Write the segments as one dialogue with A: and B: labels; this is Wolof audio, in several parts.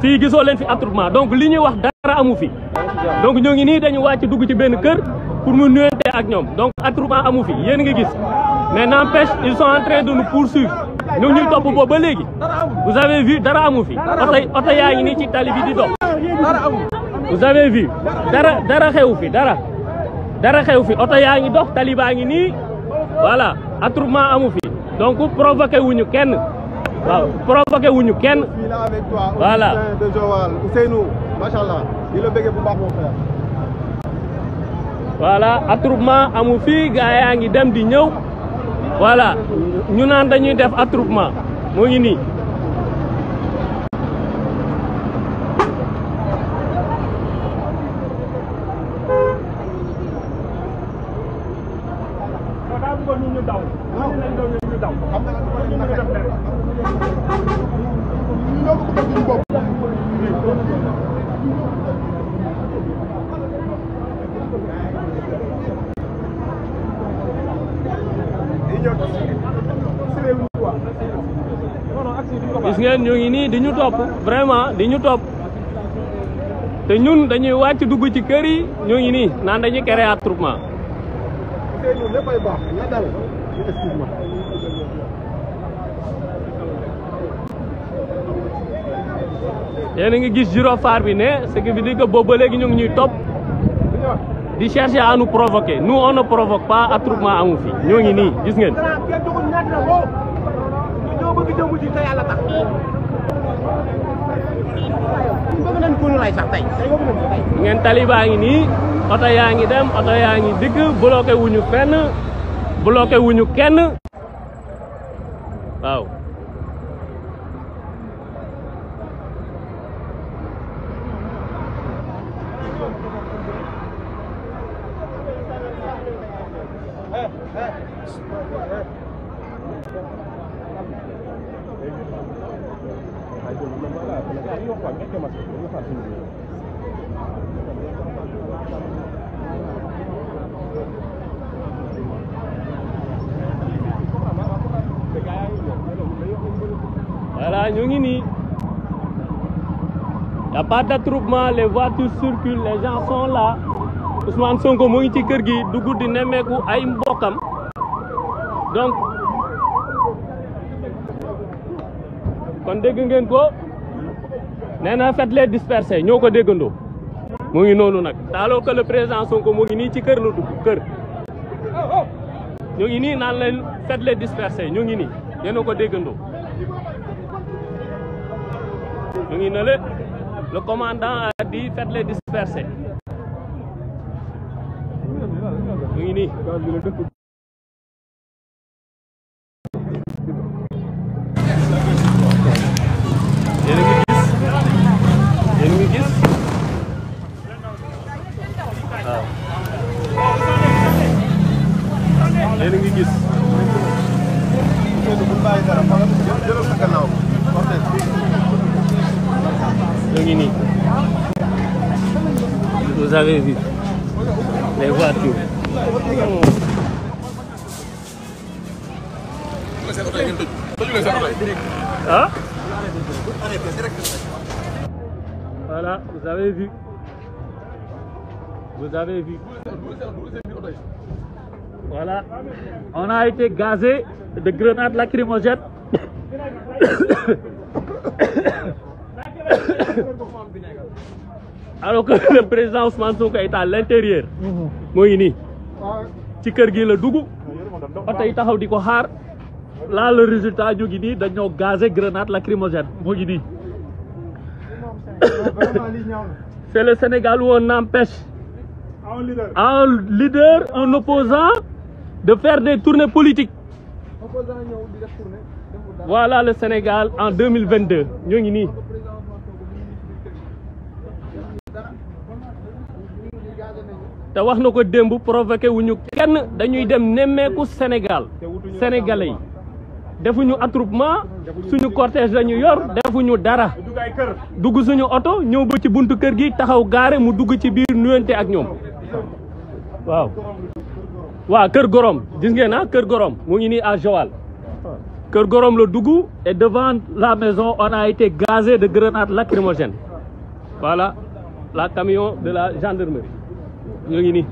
A: fii gisoo leen fi attroupement donc li ñuy wax dara amu fi donc ñoo ngi nii dañu wàcc dugg ci benn kër pour mu nuyante ak ñoom donc attroupement amu fi yéen ngi gis mais n'empêche ils sont en train de nous poursuivre ñu ñuy topp boobu ba léegi vous avez vu dara amu fi oto yaa ngi nii ci tali bi di dox vous avez vu dara xew fi dara dara xew fi oto yaa ngi dox tali baa ngi nii voilà attroupement amu fi donc provoqué wuñu kenn waaw provoqué wuñu kenn. voilà de Joal Ousseynou macha allah la bëggee bu amu fii gaa yaa ngi dem di ñëw voilà ñu naan dañuy def attroupement mu ngi nii. suñu bopp ñu ngi nii di ñu topp vraiment di ñu topp te ñun dañuy wàcc dugg ci kër yi ñu ngi nii naan dañuy créer attroupement yéen a ngi gis gyrophare bi ne ce qui veut dire que boobu ba léegi ñu ngi ñuy topp di chercher à nous provoquer nous on ne provoque pas attroupement amu fi ñoo ngi nii gis ngeen. ngeen talibaa ngi nii oto yaa ngi dem oto yaa ngi dikk bloqué wuñu fenn bloqué wuñu kenn waaw. voilà ñu ngi nii y a pas d'attroupement les voitures circulent les gens sont là Ousmane Sonko mu ngi ci kër gi du guddi nemmeeku ay mbokkam donc kon dégg ngeen ko nee na faites les disperser ñoo ko déggandoo mu ngi noonu nag alors que le président Sonko moo ngi nii ci kër la dugg kër ñu ngi nii naan leen faites les ñoo ñu ngi nii yéen ko déggandoo ñu ngi ne le le commandant a dit faites les disperser ngi nii gaz bi la dëpp yéen a ngi gis yéen a ngi gis waaw yéen a ngi gis ñoo ngi nii vous avez vu Voilà, vous Voilà. On a été gazé de grenades lacrymogènes. alors que président Ousmane Sonko est à mhm. ci kër gi la dugg. oto yi taxaw di ko xaar. là le résultat ñu ngi nii dañoo gazé grenade lacrymogène mu ngi nii c'est le Sénégal où on empêche en leader en leader un opposant de faire des tournées politiques voilà le Sénégal en deux mille 2022 ñu ngi nii te wax na ko démb provoqué wu ñu kenn dañuy dem nemmeeku Sénégal sénégalais yi defuñu attroupement suñu cortège la ñu yor defuñu dara dugg suñu oto ñëw ba ci buntu kër gi taxaw gaare mu dugg ci biir nuyante ak ñoom waaw waaw kër gorom gis ngeen ah kër gorom moo ngi nii à Joal kër gorom la dugg et devant la maison on a été gazé de grenades lacrymogènes voilà la camion de la gendarmerie ñu ngi nii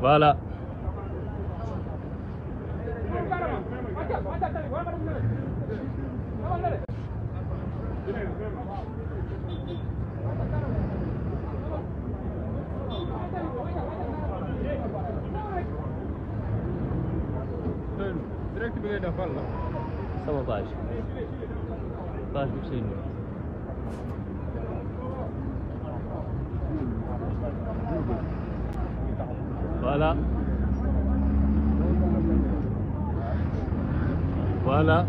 A: voilà sama voilà voilà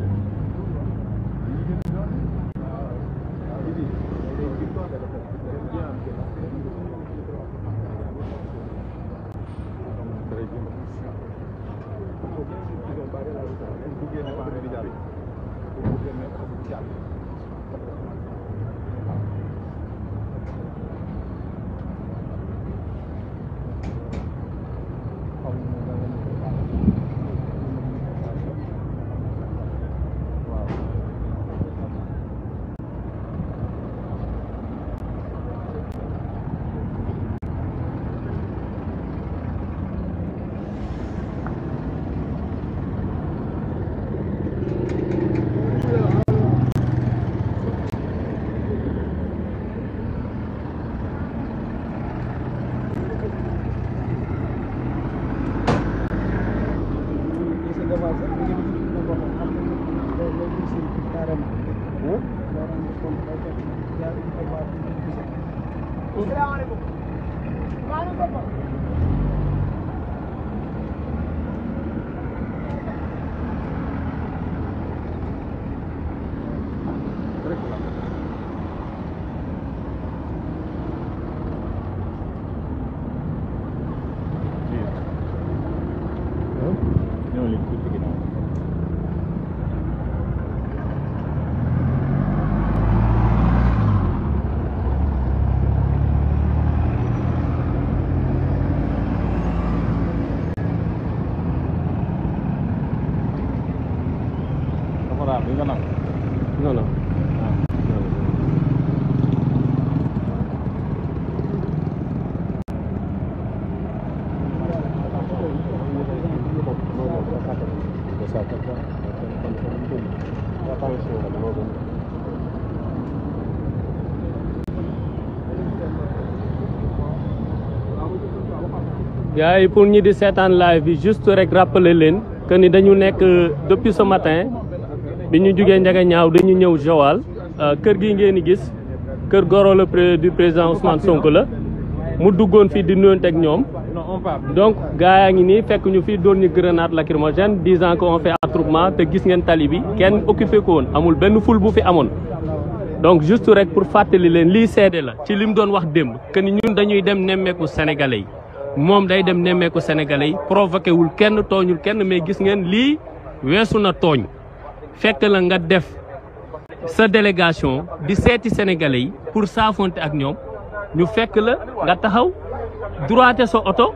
A: No, no. yaay pour ñi di seetaan live bi juste rek rappeler leen que ni dañu nekk depuis ce matin bi ñu jugee njaga ñaaw dañu ñëw Joal euh, kër gi ngeen di gis kër goro la du président Ousmane Sonko la mu duggoon fii di nuyoon teg ñoom donc gaa yaa ngi nii fekk ñu fii doon ñu grenade lacrymogène disant que on fait attroupement te gis ngeen tali bi kenn occupé ko woon amul benn foule bu fi amoon donc juste rek pour fàttali leen lii seede la ci li mu doon wax démb que ni ñun dañuy dem nemmeeku sénégalais yi moom day dem nemmeeku sénégalais yi provoqué wul kenn tooñu kenn mais gis ngeen lii weesu na tooñ fekk la nga def sa délégation di seeti sénégalais yi pour saafonte ak ñoom ñu fekk la nga taxaw droité sa oto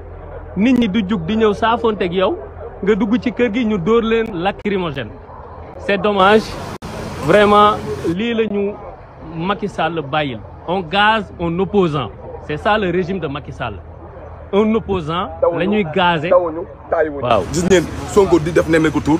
A: nit ñi du jug di ñëw saafonte ak yow nga dugg ci kër gi ñu dóor leen lacrymogène c'est domage vraiment lii la ñu Macky Sall bàyyil on gaz un opposant c'est ça le régime de Macky Sall un opposant la waaw gis ngeen Sonko di def nemmeeku tour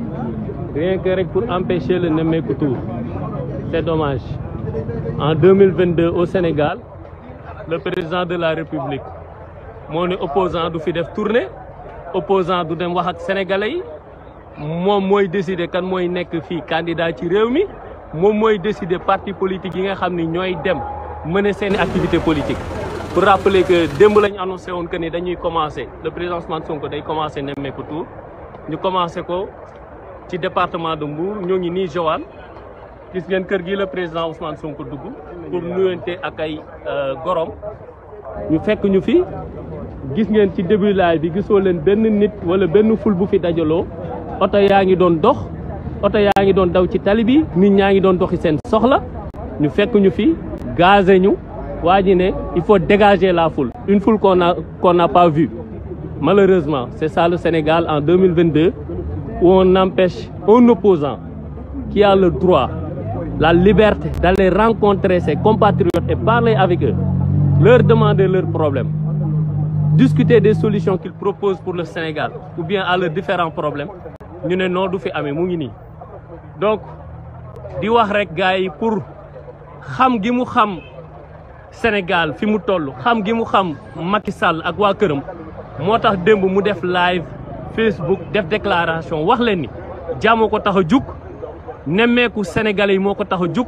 A: rien que rek pour empêcher le Nemmeeku Tour c'est dommage en 2022 au Sénégal le président de la République moo ne opposant du fi def tournée opposant du dem wax ak sénégalais yi moom mooy décider kan mooy nekk fii candidat ci réew mi moom mooy décider parti politique yi nga xam ni ñooy dem mener seeni activité politique pour rappeler que démb lañ annoncé woon que ni dañuy commencer le président Ousmane Sonko day commencer Nemmeeku Tour ñu commencé ko ci département de Mbour ñoo ngi nii Joal gis ngeen kër gi la président Ousmane ko dugg pour nuyante ak ay euh, gorom ñu fekk ñu fi gis ngeen ci début bi gisoo leen benn nit wala benn ful bu fi dajaloo oto yaa ngi doon dox oto yaa ngi doon daw ci tali bi nit ñaa ngi doon doxi seen soxla ñu fekk ñu fi gazé ñu waa ji ne il faut dégager la foule une foule qu'on a qu'on n'a pas vue malheureusement c'est ça le Sénégal en 2022 où on empêche un opposant qui a le droit, la liberté d'aller rencontrer ses compatriotes et parler avec eux, leur demander leurs problème discuter des solutions qu'ils proposent pour le Sénégal ou bien à leurs différents problèmes. ñu ne noo du fi amee mu ngi nii donc di wax rek gars yi pour xam gi mu xam Sénégal fi mu toll xam gi mu xam Macky Sall ak waa këram moo tax démb mu def live Facebook def déclaration wax leen ni jàmmoo ko tax a jug nemmeeku sénégalais yi moo ko tax a jug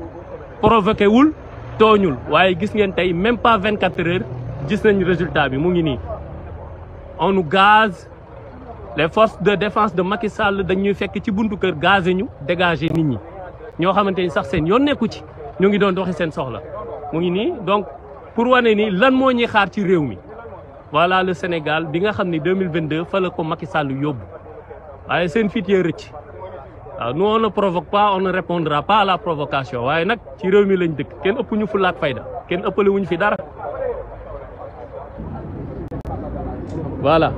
A: provoqué wul tooñul waaye gis ngeen tey même pas 24 heures gis nañ résultat bi mu ngi nii on gaz les forces de défense de Macky Sall dañuy fekk ci buntu kër gazé ñu dégagé nit ñi ñoo xamante ni sax seen yoon nekku ci ñu ngi doon doxi seen soxla mu ngi nii donc pour wane ni lan moo ñuy xaar ci réew mi voilà le Sénégal bi nga xam ne 2022 fa la ko Macky Sall yóbbu waaye seen fit yee rëcc waaw nous provoque pas on ne pas la provocation waaye nag ci réew mi lañ dëkk kenn ëpp ñu fulla ak fayda kenn ëppale wuñ fi dara voilà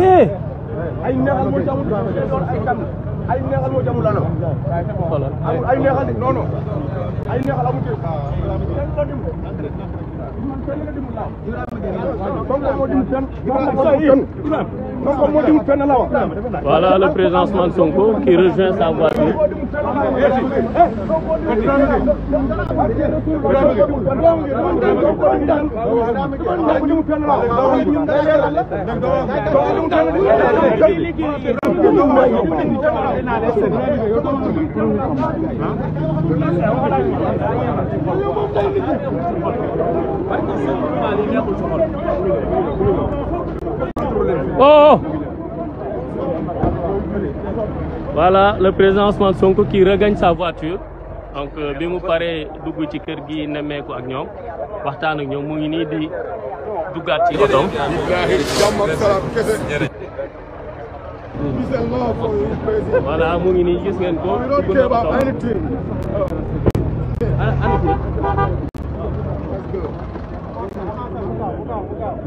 A: yee ay neexal moo ci amul ay kan ay neexal moo ci amul lana amul ay neexal non non ay neexal amul ci man kenn la dimul laa comme moo dim kenn Voilà le président Ousmane Sonko qui rejoint sa voiture. Oh Voilà le président Ousmane Sonko qui regagne sa voiture donc euh, bi mu paree dugg ci kër gi nemmeeku ak ñoom waxtaan ak ñoom mu ngi nii di duggaat ci otoom. voilà mu ngi nii gis ngeen ko dugg na ko toog.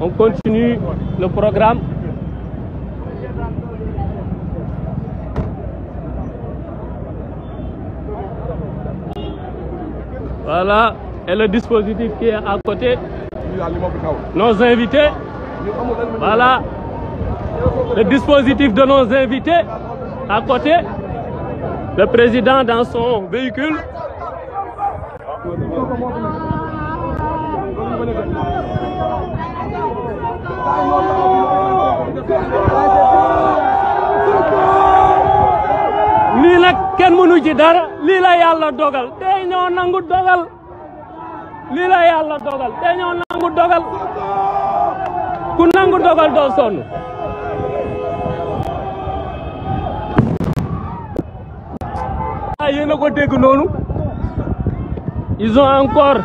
A: On continue le programme. Voilà, et le dispositif qui est à côté. Nos invités. Voilà. Le dispositif de nos invités à côté. Le président dans son véhicule. lii nag kenn mënu ci dara lii la yàlla dogal tey ñoo nangu dogal lii la yàlla dogal tey ñoo nangu dogal ku nangu dogal doo sonn ah yéen a ko dégg noonu ils ont encore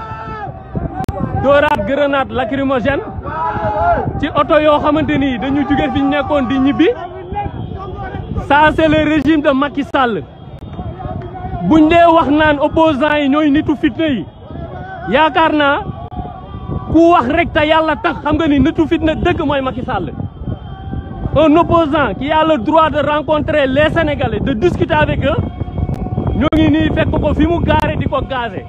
A: grenade lacrymogène ci oto yoo xamante ni dañu jóge fi ñu nekkoon di ñibbi ça c'est le régime de Macky Sall buñ dee wax naan opposants yi ñooy nitu fitna yi yaakaar naa ku wax rek te yàlla tax xam nga ni nitu fitna dëgg mooy Macky Sall un opposant qui yàlla le de rencontrer les Sénégalais de discuter avec ñoo ngi nii fekk ko fi mu gaare di ko gaze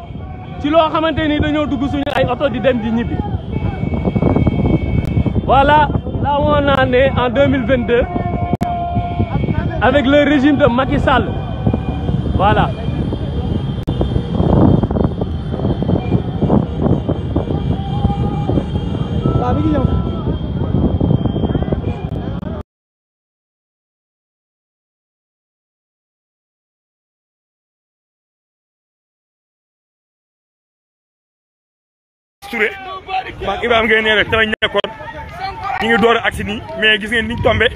A: ci loo xamante ni dañoo dugg suñu ay oto di dem di ñibbi voilà là on en est en 2022 avec le régime de Macky Sall voilà Touré maag Ibrahima Gueye nee na tamit nekkoon ñu ngi door a agsi nii mais gis ngeen niñ tombe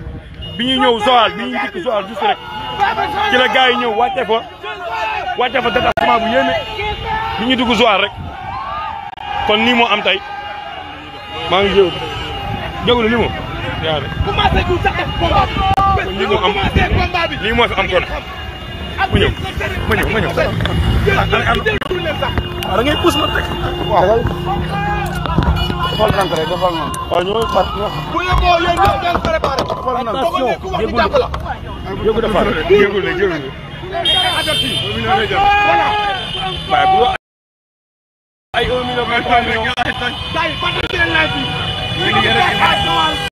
A: bi ñuy ñëw Joal bi ñuy dikk Joal juste rek ci la gars yi ñëw wàcce fa wàcce fa déplacement bu yéeme bi ñuy dugg Joal rek kon nii moo am tey maa ngi jéw jóglu li mu moo am moo fi am kon ma ñëw ma ñëw ma ñëw. waaw ah, da ngay pousse ma teg. waaw waaw. xool nant rek xool nant. waaw ñu ngi fàttali. bu ñu ko yéen ñoo doon préparé. xool nant yow yëgul la yëgul dafa yëgul la yëgul la. ay 1 million.